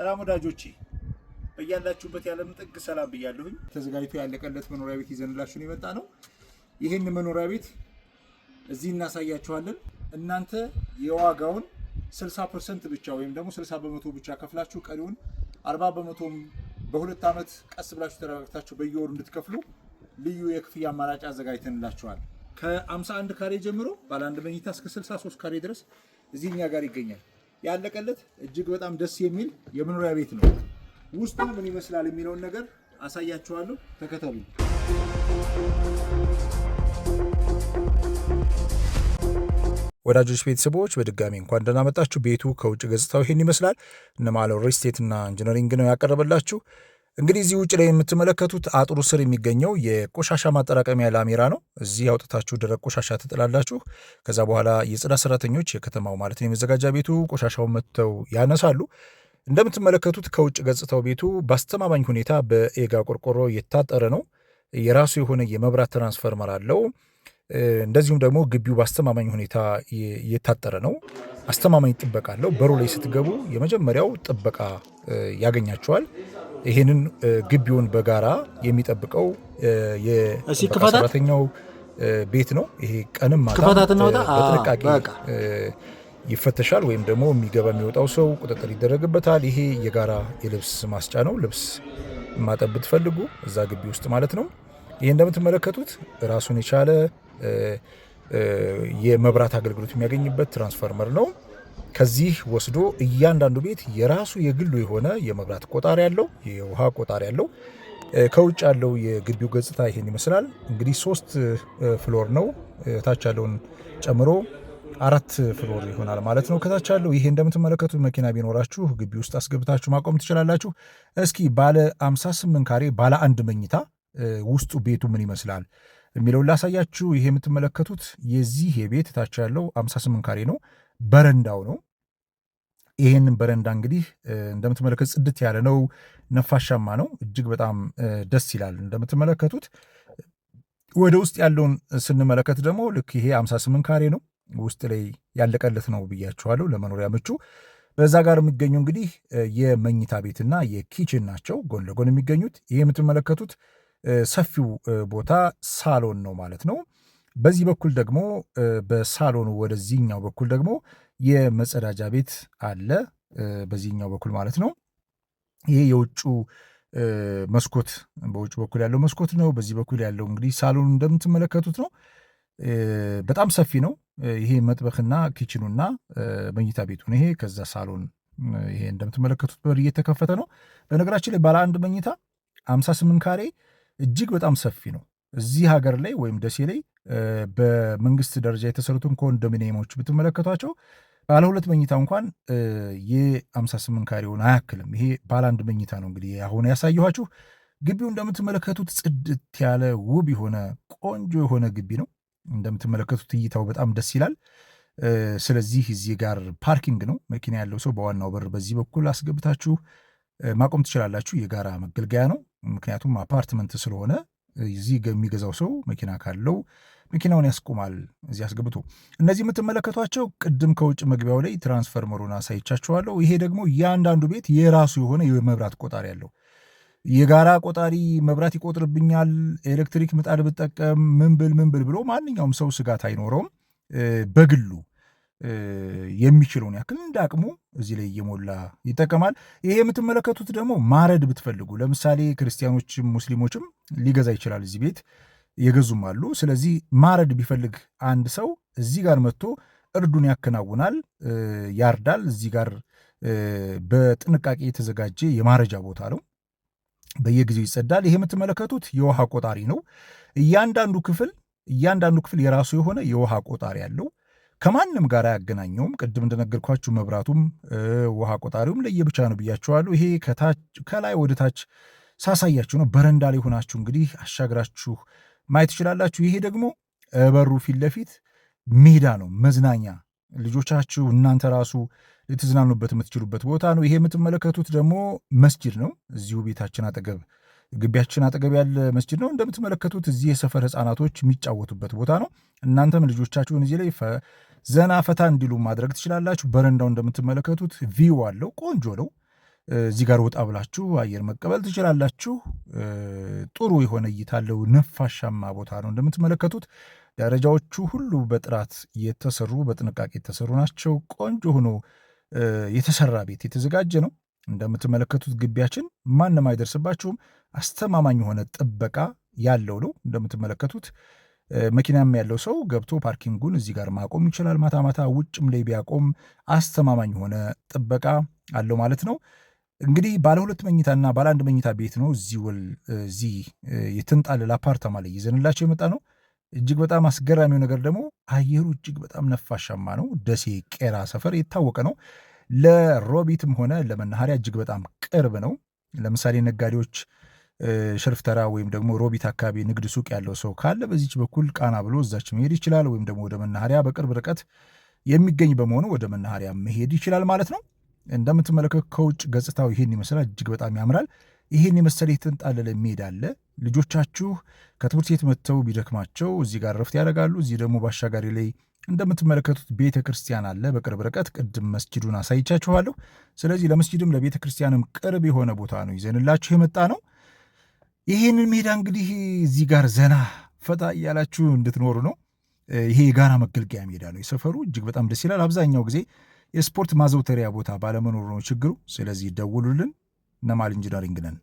ሰላም ወዳጆቼ በያላችሁበት ያለም ጥግ ሰላም ብያለሁኝ። ተዘጋጅቶ ያለቀለት መኖሪያ ቤት ይዘንላችሁን የመጣ ነው። ይህን መኖሪያ ቤት እዚህ እናሳያችኋለን። እናንተ የዋጋውን 60 ፐርሰንት ብቻ ወይም ደግሞ 60 በመቶ ብቻ ከፍላችሁ ቀሪውን 40 በመቶም በሁለት ዓመት ቀስ ብላችሁ ተረጋግታችሁ በየወሩ እንድትከፍሉ ልዩ የክፍያ አማራጭ አዘጋጅተንላችኋል። ከ51 ካሬ ጀምሮ ባለ አንድ መኝታ እስከ 63 ካሬ ድረስ እዚህ እኛ ጋር ይገኛል። ያለቀለት እጅግ በጣም ደስ የሚል የመኖሪያ ቤት ነው። ውስጡ ምን ይመስላል የሚለውን ነገር አሳያችኋለሁ። ተከተሉ። ወዳጆች ቤተሰቦች በድጋሚ እንኳን ደህና መጣችሁ። ቤቱ ከውጭ ገጽታው ይሄን ይመስላል። እነማለው ሪል ስቴትና ኢንጂነሪንግ ነው ያቀረበላችሁ። እንግዲህ እዚህ ውጭ ላይ የምትመለከቱት አጥሩ ስር የሚገኘው የቆሻሻ ማጠራቀሚያ ላሜራ ነው። እዚህ አውጥታችሁ ደረቅ ቆሻሻ ትጥላላችሁ። ከዛ በኋላ የጽዳት ሰራተኞች የከተማው ማለት የመዘጋጃ ቤቱ ቆሻሻውን መጥተው ያነሳሉ። እንደምትመለከቱት ከውጭ ገጽታው ቤቱ በአስተማማኝ ሁኔታ በኤጋ ቆርቆሮ የታጠረ ነው። የራሱ የሆነ የመብራት ትራንስፈርመር አለው። እንደዚሁም ደግሞ ግቢው በአስተማማኝ ሁኔታ የታጠረ ነው። አስተማማኝ ጥበቃ አለው። በሩ ላይ ስትገቡ የመጀመሪያው ጥበቃ ያገኛቸዋል። ይህንን ግቢውን በጋራ የሚጠብቀው የጥበቃ ሰራተኛው ቤት ነው። ይሄ ቀንም ማታ በጥንቃቄ ይፈተሻል። ወይም ደግሞ የሚገባ የሚወጣው ሰው ቁጥጥር ይደረግበታል። ይሄ የጋራ የልብስ ማስጫ ነው። ልብስ ማጠብ ብትፈልጉ እዛ ግቢ ውስጥ ማለት ነው። ይህ እንደምትመለከቱት ራሱን የቻለ የመብራት አገልግሎት የሚያገኝበት ትራንስፎርመር ነው። ከዚህ ወስዶ እያንዳንዱ ቤት የራሱ የግሉ የሆነ የመብራት ቆጣሪ ያለው፣ የውሃ ቆጣሪ ያለው። ከውጭ ያለው የግቢው ገጽታ ይሄን ይመስላል። እንግዲህ ሶስት ፍሎር ነው፣ ታች ያለውን ጨምሮ አራት ፍሎር ይሆናል ማለት ነው። ከታች ያለው ይሄ እንደምትመለከቱት መኪና ቢኖራችሁ ግቢ ውስጥ አስገብታችሁ ማቆም ትችላላችሁ። እስኪ ባለ 58 ካሬ ባለ አንድ መኝታ ውስጡ ቤቱ ምን ይመስላል የሚለውን ላሳያችሁ። ይሄ የምትመለከቱት የዚህ የቤት ታች ያለው 58 ካሬ ነው። በረንዳው ነው። ይሄንን በረንዳ እንግዲህ እንደምትመለከት ጽድት ያለ ነው፣ ነፋሻማ ነው፣ እጅግ በጣም ደስ ይላል። እንደምትመለከቱት ወደ ውስጥ ያለውን ስንመለከት ደግሞ ልክ ይሄ 58 ካሬ ነው፣ ውስጥ ላይ ያለቀለት ነው ብያችኋለሁ፣ ለመኖሪያ ምቹ። በዛ ጋር የሚገኙ እንግዲህ የመኝታ ቤትና የኪችን ናቸው ጎን ለጎን የሚገኙት። ይሄ የምትመለከቱት ሰፊው ቦታ ሳሎን ነው ማለት ነው። በዚህ በኩል ደግሞ በሳሎኑ ወደዚህኛው በኩል ደግሞ የመጸዳጃ ቤት አለ፣ በዚህኛው በኩል ማለት ነው። ይሄ የውጩ መስኮት በውጭ በኩል ያለው መስኮት ነው። በዚህ በኩል ያለው እንግዲህ ሳሎኑ እንደምትመለከቱት ነው። በጣም ሰፊ ነው። ይሄ መጥበክና ኪችኑና መኝታ ቤቱ ነው። ይሄ ከዛ ሳሎን ይሄ እንደምትመለከቱት በር እየተከፈተ ነው። በነገራችን ላይ ባለ አንድ መኝታ ስምንት ካሬ እጅግ በጣም ሰፊ ነው። እዚህ ሀገር ላይ ወይም ደሴ ላይ በመንግስት ደረጃ የተሰሩትን ኮንዶሚኒየሞች ብትመለከቷቸው ባለ ሁለት መኝታ እንኳን የአምሳ ስምንት ካሬውን አያክልም። ይሄ ባለ አንድ መኝታ ነው እንግዲህ አሁን ያሳየኋችሁ። ግቢው እንደምትመለከቱት ጽድት ያለ ውብ የሆነ ቆንጆ የሆነ ግቢ ነው። እንደምትመለከቱት እይታው በጣም ደስ ይላል። ስለዚህ እዚህ ጋር ፓርኪንግ ነው። መኪና ያለው ሰው በዋናው በር በዚህ በኩል አስገብታችሁ ማቆም ትችላላችሁ። የጋራ መገልገያ ነው። ምክንያቱም አፓርትመንት ስለሆነ እዚህ የሚገዛው ሰው መኪና ካለው መኪናውን ያስቆማል እዚህ አስገብቶ። እነዚህ የምትመለከቷቸው ቅድም ከውጭ መግቢያው ላይ ትራንስፈርመሩን አሳይቻችኋለሁ። ይሄ ደግሞ የአንዳንዱ ቤት የራሱ የሆነ የመብራት ቆጣሪ ያለው የጋራ ቆጣሪ መብራት ይቆጥርብኛል፣ ኤሌክትሪክ ምጣድ ብጠቀም ምንብል ምንብል ብሎ ማንኛውም ሰው ስጋት አይኖረውም። በግሉ የሚችለውን ያክል እንደ አቅሙ እዚህ ላይ እየሞላ ይጠቀማል። ይሄ የምትመለከቱት ደግሞ ማረድ ብትፈልጉ ለምሳሌ ክርስቲያኖችም ሙስሊሞችም ሊገዛ ይችላል። እዚህ ቤት የገዙም አሉ። ስለዚህ ማረድ ቢፈልግ አንድ ሰው እዚህ ጋር መጥቶ እርዱን ያከናውናል፣ ያርዳል። እዚህ ጋር በጥንቃቄ የተዘጋጀ የማረጃ ቦታ ነው። በየጊዜው ይጸዳል። ይሄ የምትመለከቱት የውሃ ቆጣሪ ነው። እያንዳንዱ ክፍል እያንዳንዱ ክፍል የራሱ የሆነ የውሃ ቆጣሪ አለው። ከማንም ጋር አያገናኘውም። ቅድም እንደነገርኳችሁ መብራቱም ውሃ ቆጣሪውም ለየብቻ ነው ብያችኋለሁ። ይሄ ከላይ ወደ ታች ሳሳያችሁ ነው። በረንዳ ላይ ሆናችሁ እንግዲህ አሻግራችሁ ማየት ትችላላችሁ። ይሄ ደግሞ በሩ ፊት ለፊት ሜዳ ነው፣ መዝናኛ ልጆቻችሁ እናንተ ራሱ ልትዝናኑበት የምትችሉበት ቦታ ነው። ይሄ የምትመለከቱት ደግሞ መስጅድ ነው። እዚሁ ቤታችን አጠገብ ግቢያችን አጠገብ ያለ መስጅድ ነው። እንደምትመለከቱት እዚህ የሰፈር ህፃናቶች የሚጫወቱበት ቦታ ነው። እናንተም ልጆቻችሁን እዚህ ላይ ዘና ፈታ እንዲሉ ማድረግ ትችላላችሁ። በረንዳው እንደምትመለከቱት ቪው አለው፣ ቆንጆ ነው። እዚህ ጋር ወጣ ብላችሁ አየር መቀበል ትችላላችሁ። ጥሩ የሆነ እይታ አለው። ነፋሻማ ቦታ ነው። እንደምትመለከቱት ደረጃዎቹ ሁሉ በጥራት የተሰሩ በጥንቃቄ የተሰሩ ናቸው። ቆንጆ ሆኖ የተሰራ ቤት የተዘጋጀ ነው። እንደምትመለከቱት ግቢያችን ማንም አይደርስባችሁም። አስተማማኝ የሆነ ጥበቃ ያለው ነው። እንደምትመለከቱት መኪናም ያለው ሰው ገብቶ ፓርኪንጉን እዚህ ጋር ማቆም ይችላል። ማታ ማታ ውጭም ላይ ቢያቆም አስተማማኝ የሆነ ጥበቃ አለው ማለት ነው። እንግዲህ ባለ ሁለት መኝታና ባለ አንድ መኝታ ቤት ነው እዚህ ወል እዚህ የተንጣለለ አፓርታማ ላይ ይዘንላቸው የመጣ ነው። እጅግ በጣም አስገራሚው ነገር ደግሞ አየሩ እጅግ በጣም ነፋሻማ ነው። ደሴ ቄራ ሰፈር የታወቀ ነው። ለሮቢትም ሆነ ለመናኸሪያ እጅግ በጣም ቅርብ ነው። ለምሳሌ ነጋዴዎች ሸርፍተራ ወይም ደግሞ ሮቢት አካባቢ ንግድ ሱቅ ያለው ሰው ካለ በዚች በኩል ቃና ብሎ እዛች መሄድ ይችላል። ወይም ደግሞ ወደ መናኸሪያ በቅርብ ርቀት የሚገኝ በመሆኑ ወደ መናኸሪያ መሄድ ይችላል ማለት ነው። እንደምትመለከቱ ከውጭ ገጽታው ይህን ይመስላል። እጅግ በጣም ያምራል። ይህን የመሰለ የተንጣለለ ሜዳ አለ። ልጆቻችሁ ከትምህርት ቤት መጥተው ቢደክማቸው እዚህ ጋር ረፍት ያደርጋሉ። እዚህ ደግሞ በአሻጋሪ ላይ እንደምትመለከቱት ቤተ ክርስቲያን አለ በቅርብ ርቀት። ቅድም መስጂዱን አሳይቻችኋለሁ። ስለዚህ ለመስጂድም ለቤተ ክርስቲያንም ቅርብ የሆነ ቦታ ነው ይዘንላችሁ የመጣ ነው። ይሄንን ሜዳ እንግዲህ እዚህ ጋር ዘና ፈታ እያላችሁ እንድትኖሩ ነው። ይሄ የጋራ መገልገያ ሜዳ ነው። የሰፈሩ እጅግ በጣም ደስ ይላል። አብዛኛው ጊዜ የስፖርት ማዘውተሪያ ቦታ ባለመኖሩ ነው ችግሩ። ስለዚህ ደውሉልን። እነ ኢንጂነሪንግ ነን።